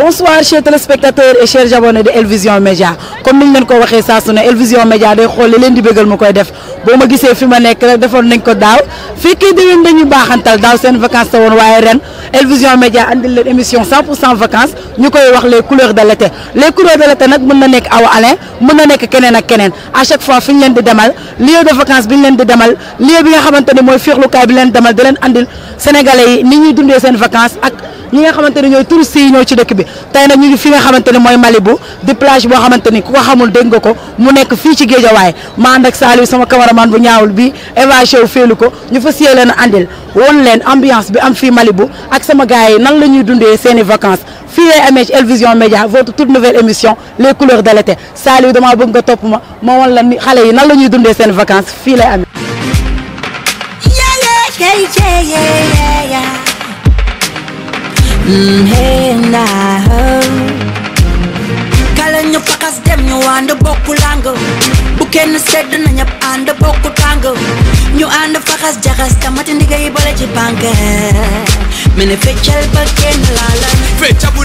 bonsoir chers téléspectateurs et chers abonnés de El Vision Média comme niñ leen ko waxee saa su Vision Média day xool leen di bëggal mu koy def boo ma gisee fi ma nekk rek defoon nañ ko daaw fekkee déwén dañuy baaxantal daaw seen vacances te waaye ren El Vision Média andil leen émission 100 pour 100 vacances ñu koy wax les couleurs de l'été les couleurs de l'été nag mën na nekk Awa Alain mën na nekk keneen ak keneen à chaque fois fi ñu leen di demal lieu bi leen di demal lieu bi nga xamante ne mooy féexlukaay bi leen demal leen andil sénégalais yi ni ñuy seen vacances ak ñi nga xamante ne ñooy touristes yi ci dëkk bi tey nag ñu ngi fi nga xamante ni mooy Malibu di plage boo xamante ni ku ko xamul dégg nga ko mu nekk fii ci Géejawaay ma ànd ak Saliou sama cameraman bu ñaawul bi Eva Chew féelu ko ñu fa siyee leen andil won leen ambiance bi am fii Malibu ak sama gars yi nan la ñuy dundee seeni vacances fii lay amee ci El Vision Média votre toute nouvelle émission les couleurs de l'été Saliou damaa bëgg nga topp ma ma won la xale yi nan la ñuy dundee seen vacances fii lay amee Mm, mm-hmm. hey, nah, Kala nyo pakas dem you ando boku lango Buken sed na nyap ando boku tango Nyo ando fakas jakas tamati ndiga ibole jipange Mene fechal baken lala Fechabu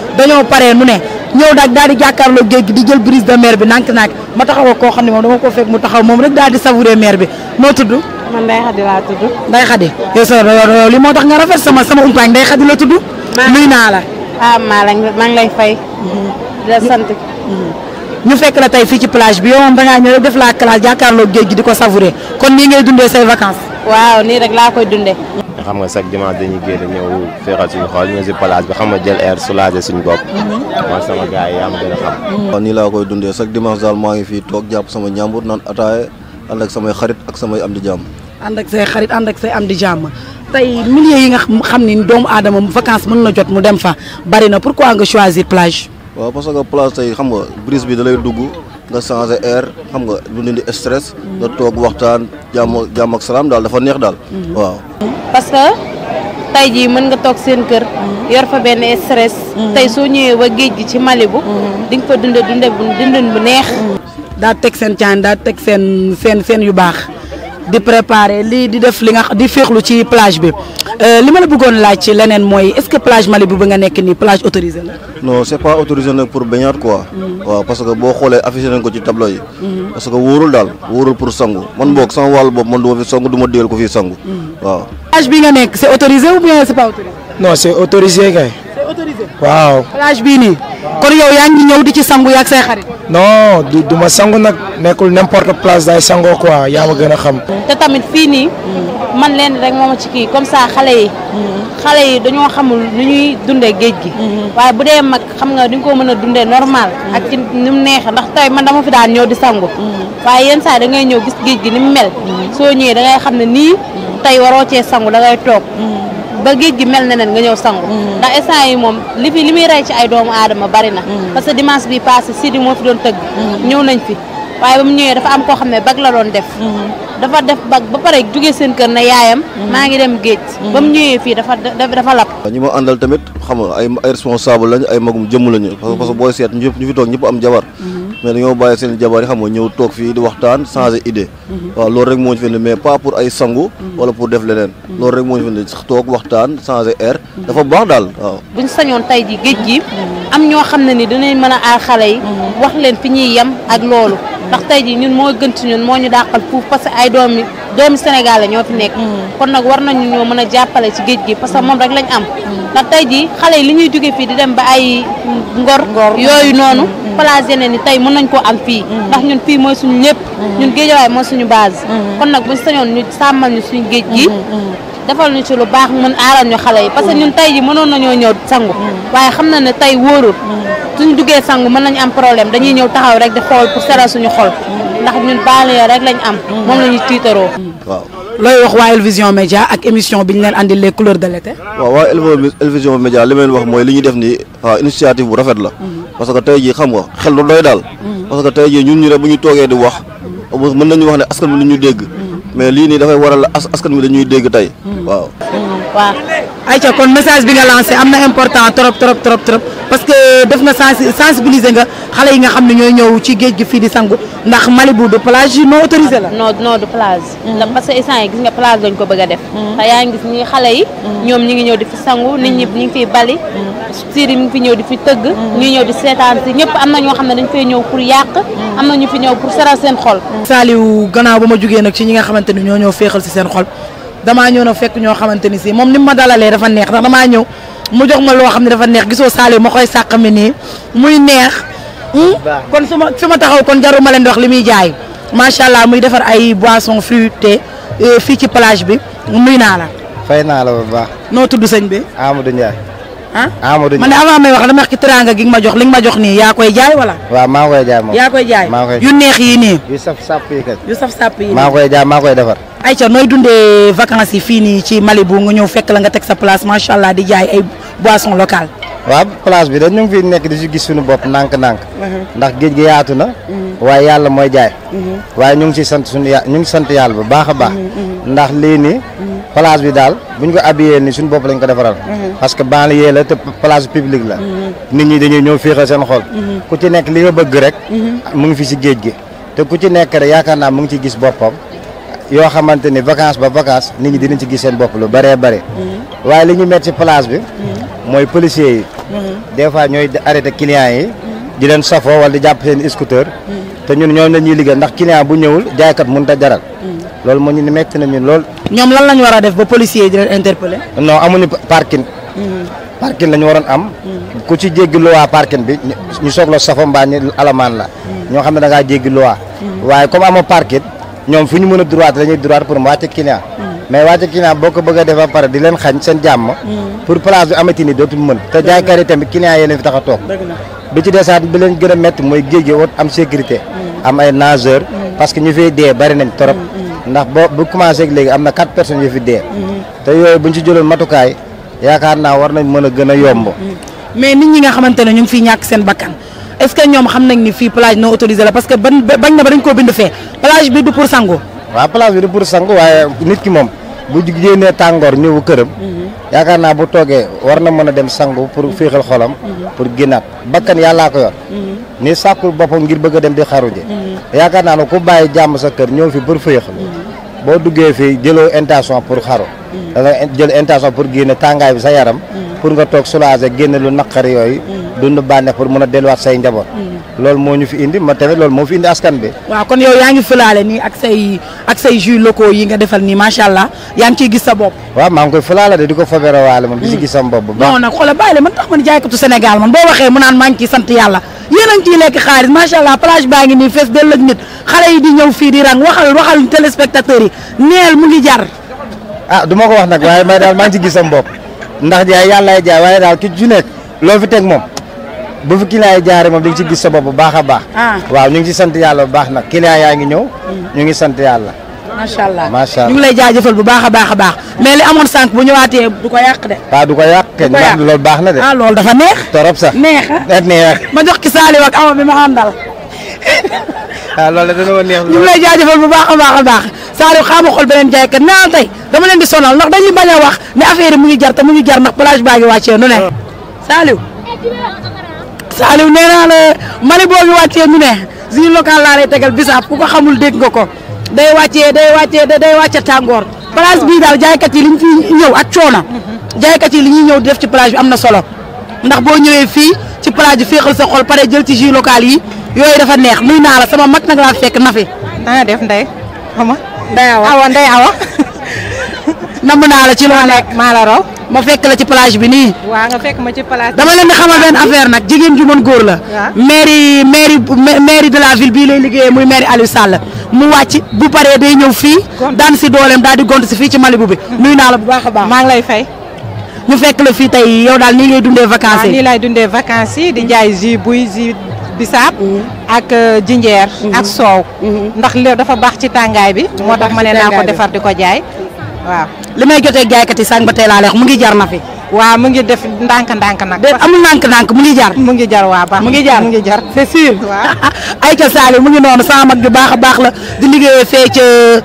dañoo paree nu ne ñëw nag daal di jàkkaarloo géej gi di jël brise de mer bi nànk-nànk ma taxaw koo xam ne moom dama ko fekk mu taxaw moom rek daal di savourer mer bi noo tudd. man Ndeye Khady laa tudd. Ndeye Khady yow sa yow li moo tax nga rafet sama sama umpaañ Ndeye Khady la tudd. nuyu naa la. ah maa ngi lay fay. di la sant. ñu fekk la tey fii ci plage bi yow moom dangaa ñëw def la classe jàkkaarloo géej gi di ko savourer kon nii ngay dundee say vacances. waaw nii rek laa koy dundee. xam nga chaque dimanche dañuy génn ñëw féexal suñu xool ñu si place bi xam nga jël air soulager suñu bopp. man mhm. sama gars yi yaa ma nii laa koy dundee chaque dimanche daal maa ngi fii toog jàpp sama ñàmbur naan ataaye ànd ak samay xarit ak samay am di jàmm. ànd ak say xarit ànd ak say am di jàmm tey milieu yi nga xam ni doomu aadama vacance mën na jot mu dem fa bari na pourquoi nga choisir plage. waaw parce que tey xam nga brise bi da lay dugg. nga changé air xam nga lu dindi stress. nga toog waxtaan jàmm jàmm ak salaam daal dafa neex daal. Mhm. waaw. parce que tey jii mën nga toog seen kër. Mhm. yor fa benn stress. Mhm. tey soo ñëwee wa géej gi ci Malibu. di nga fa dundee dundee bu dundin bu neex. daa teg seen caan daa teg seen seen seen yu baax. di préparer lii di def li nga di féexlu ci plage bi euh, li ma la bëggoon laaj ci leneen mooy est-ce que plage Malibu ba nga nekk nii plage autorisée la. non c'est pas autorisé nag pour baignade quoi. Mm-hmm. waaw parce que boo xoolee affiché nañ ko ci tableau yi. Mm-hmm. parce que wóorul daal wóorul pour sangu man boog sama wàllu bopp man du fi sangu du digal ko fii sangu mm-hmm. waaw. plage bi nga nekk c'est autorisé ou bien c'est pas autorisé. non c'est autorisé kay. Wow. Wow. Wow. Wow. Wow. Wow. Wow. Wow. di ci sangu yaag say xarit non du du ma sangu nag nekkul n'importe place day sangoo quoi yaa ma gën a xam te man leen rek mooma ci kii comme ça xale yi xale yi dañoo xamul nu ñuy dundee géej gi waaye normal ak ci ni mu neexee ndax tey man dama fi daan ñëw di sangu mel soo ñëwee da ngay xam ne nii sangu da ngay ba géej gi mel na nen nga ñëw sangu mm. ndax instant yi moom li fi li muy rey ci ay doomu aadama bari na mm. parce que dimanche bi passé Sidi moo fi doon tëgg mm. ñëw nañ fi waaye ba mu ñëwee dafa am koo xam ne bag la doon def dafa def bag ba pare jugee seen kër na yaayam maa ngi dem géej ba mu ñëwee fii dafa def dafa lap ñu ma àndal tamit xam nga ay ay responsable lañ ay magum jëmm lañu parce que booy seet ñëpp ñu fi toog ñëpp am jabar mais dañoo bàyyi seen jabar yi xam nga ñëw toog fii di waxtaan changer idée mhm. waaw loolu rek moo ñu fi mais pas pour ay sangu mhm. wala pour def leneen mhm. loolu rek moo ñu fi indi toog waxtaan changer air dafa baax daal waaw buñ sañoon tey ji géej gi am ñoo xam ne ni dinañ mën a aar xale yi wax leen fi ñuy yem ak loolu ndax tey ji ñun moo gën ci ñun moo ñu dàqal fuuf parce que ay doomi doomi Sénégal la ñoo fi nekk kon nag war nañu ñoo mën a jàppale ci géej gi parce que moom rek lañ am ndax tey ji xale yi li ñuy jóge fii di dem ba ay ngor yooyu noonu placé ne ni tey mën nañ koo am fii mm-hmm. ndax ñun fii mooy suñu lépp mm-hmm. ñun géejawaay mooy suñu base mm-hmm. kon nag buñ sañoon ñu sàmmal ñu suñu géej gi defal ñu ci lu baax mën aaral ñu xale yi parce que ñun tey ji mënoon nañoo ñëw sangu waaye xam na ne tey wóorul suñ duggee sangu mën nañu am problème dañuy ñëw taxaw rek di xool pour seral suñu xol ndax ñun baal rek lañ am moom la ñuy tiitaroo waaw looy wax waa Elvision Média ak émission bi ñu leen andil les couleurs de l'été. waaw waa Elvision Média li ma wax mooy li ñuy def nii initiative bu rafet la. Mhm. parce que tey jii xam nga xel lu doy daal. Mhm. parce que tey jii ñun ñu ne bu ñu toogee di wax. mën nañu wax ne askan wi la ñuy dégg. Mhm. mais lii nii dafay waral askan wi la ñuy dégg tey. waaw. ayca kon message bi nga lancé am na important trop trop trop trop parce que def nga sensibiliser nga xale yi nga xam ne ñooy ñëw ci géej gi fii di sangu ndax Malibu de plage yi non autorisé la. no non de plage. ndax parce que instant gis nga plage lañ ko bëgg a def. Mm. ta yaa ngi gis ñi xale yi. Mm. ñoom ñi ngi ñëw di fi sangu nit ñi mm. ñu ngi fiy bali. siir ngi fi ñëw di fi tëgg. ñu ñëw di seetaan si ñëpp am na ñoo xam ne dañ fay ñëw pour yàq. am na ñu fi ñëw pour sara seen xol. Saliou gannaaw ba ma jugee nag ci ñi nga xamante ni ñoo ñëw féexal si seen xol damaa ñëw na fekk ñoo xamante ni si moom ni ma dalalee dafa neex ndax damaa ñëw mu jox ma loo xam ne dafa neex gisoo saali ma koy sàq mi nii muy neex. Hmm? kon su ma fi ma taxaw kon jaru ma leen wax li muy jaay macha allah muy defar ay boissons fruitées euh, fii ci plage bi nuy naa la. fay naa la bu baax. noo tudd sëñ bi. Amadou Ndiaye. ah Amadou man avant may wax dama wax ci teranga gi ma jox li ma jox ni ya koy jaay wala wa ma koy jaay mom ya koy jaay yu neex yi ni yu saf sap yi kat yu saf sap yi ma koy jaay ma koy defar ay ca noy dundé vacances yi fi ni ci Malibu nga ñew fekk la nga tek sa place bi dañ ñu fi nek di ci gis suñu bop nank nank ndax geej gi yaatu na mhm. waye yalla moy jaay mhm. waye ñu ngi ci sant suñu ya, ñu ngi sant yalla bu baaxa baax mhm, ndax li place bi daal bu ñu ko habillé ni suñu bopp lañ ko defaral. Mhm. parce que banlieue la te place publique la. Mhm. nit ñi dañuy ñëw féexal seen xool mhm. ku ci nekk li nga bëgg rek. mu ngi fi si géej gi. te ku ci nekk rek yaakaar naa mu ngi ci gis boppam yoo xamante ni vacance ba vacance nit ñi dinañ ci gis seen bopp lu bare bëri. waaye li ñu met ci place bi. mooy policiers yi. des fois ñooy arrêté clients yi. di leen safoo wala di jàpp seen scooter. te ñun ñoo na ñuy liggéey ndax client bu ñëwul jaaykat mënut a jaral. loolu moo ñu metti na ñun lool. ñoom lan lañu ñu def ba policier yi di leen interpeller. non amuñu parking. Mm-hmm. parking la ñu waroon am. Mm-hmm. ku ci jéggi loi parking bi ñu soog la safa mbaa ñu alamaan la. Mm-hmm. ñoo xam ne da ngaa jéggi waaye comme amoo parking ñoom fu ñu mën a droit la ñuy droit pour mu wàcc client. mais wàcc client boo ko bëgg a def ba pare di leen xañ seen jàmm. pour place bi amati ni dootul mën. te jaaykat yi tamit client yi leen fi tax a toog. bi ci desaat bi leen gën a mooy géej gi am sécurité. am ay nageur parce que ñu fay dee bari nañ torop ndax ba bu commencé ak léegi am na quatre personnes yu dee. Mhm. te yooyu buñ ci jëloon matukaay yaakaar naa war nañ mën a gën a yomb. Mhm. mais nit ñi nga xamante ne ñu ngi fiy ñàkk seen bakkan est-ce que ñoom xam nañ ni fii plage non autorisée la parce que ban bañ na ba dañ koo bind fee plage bi du pour sangu. waaw plage bi du pour sangu waaye nit ki moom bu génnee tàngoor ñëw këram. Mhm. yaakaar naa bu toogee war na mën a dem sangu pour féexal xolam pour génnaat bakkan yàllaa ko yor mm-hmm. ni sàkkul boppam ngir bëgg a dem di xaruji mm-hmm. yaakaar naa ne ku bàyyi jàmm sa kër ñëw fi pour féexal mm-hmm. boo duggee fi jëloo intention pour xaru da nga jël intention pour génne tàngaay bi sa yaram pour nga toog soulager génn lu naqari yooyu mm. dund bànneex pour mën a delluwaat say njaboot mm. loolu moo ñu fi indi ma tamit loolu moo fi indi askan bi waaw kon yow yaa ngi ni nii ak say ak say jus locaux yi nga defal nii macha allah yaa ngi ciy gis sa bopp waaw maa ngi koy fulaale de di ko fabere waale moom di si mm. gis sam bopp bu baax non nag xoolal bàyyi man tax man jaaykatu Sénégal man boo waxee mu naan maa ngi ciy sant yàlla yéen ngi ciy lekk xaalis macha plage baa ngi nii fees ak nit xale yi di ñëw fii di rang waxal waxal téléspectateurs yi neel mu ngi jar ah duma ko wax nag waaye may daal maa ngi ci gis sam bopp ndax jaay yàllaay jaay waaye daal ki ci nekk loo fi teg moom bu fi client ay jaare moom di nga ci gis sa bopp bu baax a baax. Ah. waaw ñu ngi ci sant yàlla bu baax nag client yaa ngi ñëw. Mm. ñu ngi sant yàlla. macha allah macha allah ñu jaajëfal bu baax a baax a baax mais li amoon sànq bu ñëwaatee du ko yàq de. waaw du ko yàq de ndax baax na de. ah loolu dafa neex. torop sax ah. neex neex. ma jox ki Saliou ak Ama bi ma àndal. waaw ah, loolu dana ma neex. ñu ngi lay jaajëfal bu baax a baax a baax. Saliou xaama xool beneen jaaykat nee naa tey dama leen di sonal ndax dañuy bañ wax ne affaire mu ngi jar te mu ngi jar ndax plage baa ngi wàccee nu ne Saliou Saliou nee naa la Mali boo ngi wàccee ñu ne suñu local laa lay tegal bisaab ku ko xamul dégg nga ko day wàccee day wàccee day wàcce tàngoor plage bii daal jaaykat yi li ñu ñëw ak coono jaaykat yi li ñuy ñëw def ci plage bi am na solo ndax boo ñëwee fii ci plage féexal sa xol pare jël ci jus local yi yooyu dafa neex nuy naa la sama mag na laa fekk nafi fi. na def nday daaw awoon ah, day awa ah, oh. namm naa la ci loo ma fekk la ci plage bi nii. waaw nga fekk ma ci plage dama leen di xamal affaire nag jigéen ju la. mairie mairie mairie de la ville bii lay liggéeyee muy mairie Aliou Sall mu wàcc bu paree day ñëw fii. daan e dooleem daal di gont si fii ci Malibu bi. Mm-hmm. nuyu naa la bu baax a baax maa ngi lay fay. ñu fekk la fii tey yow vacances yi. lay dundee vacances di buy bisaab mhm. ak jinjeer mhm. ak soow mhm. ndax lépp dafa baax ci tàngaay bi moo tax ma ne naa ko defar di ko jaay waaw li may jotee jaaykat yi sànq ba tey laa mu ngi jar na fi waaw mu ngi def ndànk ndànk nag amul ndànk ndànk mu ngi jar mu ngi jar waa baax mu ngi jar mu ngi jar c'est sûr mu ngi mag la di liggéeyee fee euh,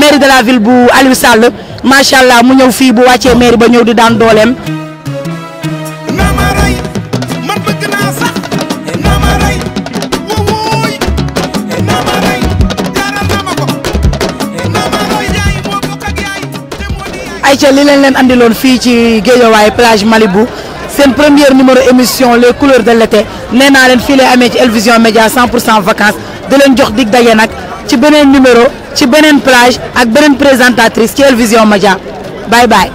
mairie de la ville bu Aliou Sall macha mu ñëw fii bu mairie ba di ca li leen leen andiloon fii ci plage Malibu c'est seen première numéro émission les couleurs de l'été n'est naa leen fii lay vision ci Média 100 vacances de l'endroit jox dig Tu nag ci beneen numéro ci beneen plage ak beneen présentatrice ci Elvision Média bye bye.